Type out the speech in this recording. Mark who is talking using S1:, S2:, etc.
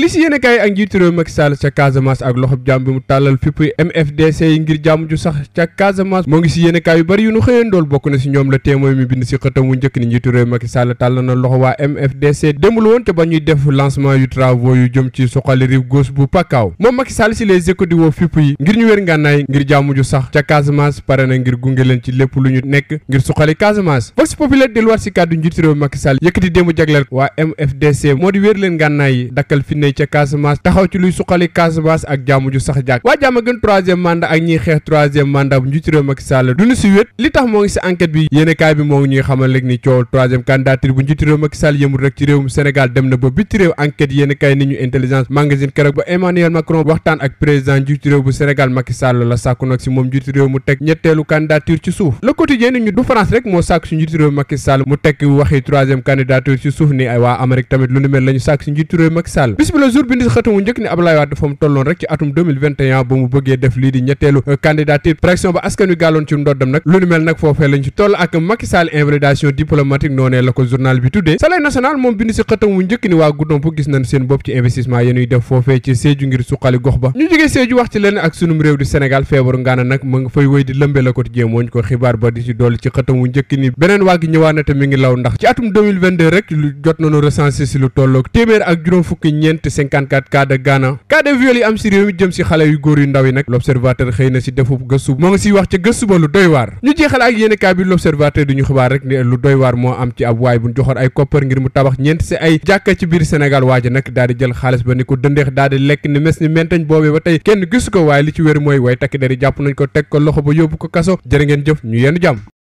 S1: li si yéen a kaay ak njiitu réew Macky ca Casamance ak loxob jàmm bi mu tàllal fipp MFDC yi ngir jàmm ju sax ca Casamance moo ngi si yéen a kaay yu bëri yu nu xëyandool bokk na si ñoom la témoin mi bind si xëtam mu njëkk ni njiitu réew Macky na loxo waa MFDC démbul woon te ba ñuy def lancement yu travaux yu jëm ci suqali rive gauche bu Pakaaw moom Macky Sall si les échos di yi ngir ñu wér ngànnaay ngir jàmm ju sax ca Casamance pare na ngir gunge leen ci lépp lu ñu nekk ngir suqali Casamance Vox Populaire delluwaat si kàddu njiitu réew Macky foofee taxaw ci luy suqali Casamance ak jàmm ju sax jàkk waa jàmm gën troisième mandat ak ñiy xeex troisième mandat bu njiitu réew Macky Sall duñu si wét li tax moo ngi si enquête bi yéenekaay bi moo ngi ñuy xamal léegi ni coow troisième candidature bu njiitu réew Macky Sall rek ci réewum Sénégal dem na ba biti réew enquête yéenekaay ni ñu intelligence magazine keroog ba Emmanuel Macron waxtaan ak président njiitu réew bu Sénégal Macky Sall la sàkku nag si moom njiitu réew mu teg ñetteelu candidature ci suuf le quotidien ñu du rek moo sàkk si njiitu réew Macky mu tekk waxi troisième candidature ci suuf ni ay waa Amérique tamit lu ni mel la ñu sàkk si njiitu réew le la ko journal bi tuddee Soleil national moom bind si xëtam wu njëkk ni waa Goudomp gis nañ seen bopp ci investissement yenuy def foofee ci Sédhiou ngir suqali gox ba ñu jógee Sédhiou wax ci leen ak sunum réew di Sénégal feebaru ngaana nag ma nga fay wéy di lëmbe la ko ti jéemooñ ko xibaar ba di ci dolli ci xëtam wu njëkk ni beneen waa gi ñëwaa na te mi ngi law ndax ci atum 2022 rek lu jot nañu recensé si lu tolloog téeméer ak juróom fukki ñeent te 54 cas de Ghana cas de yi am si réew jëm si xale yu góor yu ndaw yi nag l'observateur xëy na si defu gësu moo ngi si wax ca gëstu ba lu doy waar ñu jeexal ak yéen cas bi l'observateur di ñu xibaar rek ne lu doy waar moo am ci ab waay bu ñu joxoon ay koppar ngir mu tabax ñeent si ay jàkka ci biir Sénégal waaja nag daal jël xaalis ba ni ko dëndeex daal di lekk ni mes ni mentañ boobee ba tey kenn gisu ko waaye li ci wér mooy way takk dari jàpp nañ ko teg ko loxo ba yóbbu ko kaso jërë ngeen jëf yenn jàmm